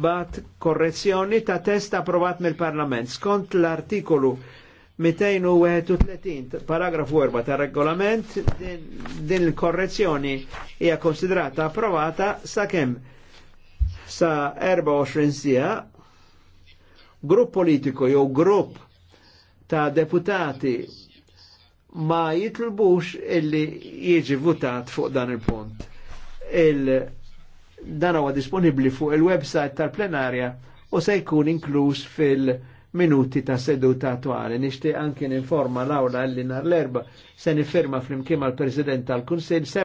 bat korrezzjoni ta' test approvat mill-Parlament skont l-artikolu 231 paragrafu 4 ta' regolament din, din il-korrezzjoni hija konsidrata approvata sakemm sa 24 sija grupp politiku jew grupp ta' deputati ma jitlbux illi jieġi votat fuq dan il-punt. Il dan huwa disponibbli fuq il-website tal-plenarja u se jkun inkluż fil-minuti ta' seduta attuali. Nixtieq anke ninforma l-awla li nhar l-erba se nifferma fl-imkien mal-President tal-Kunsill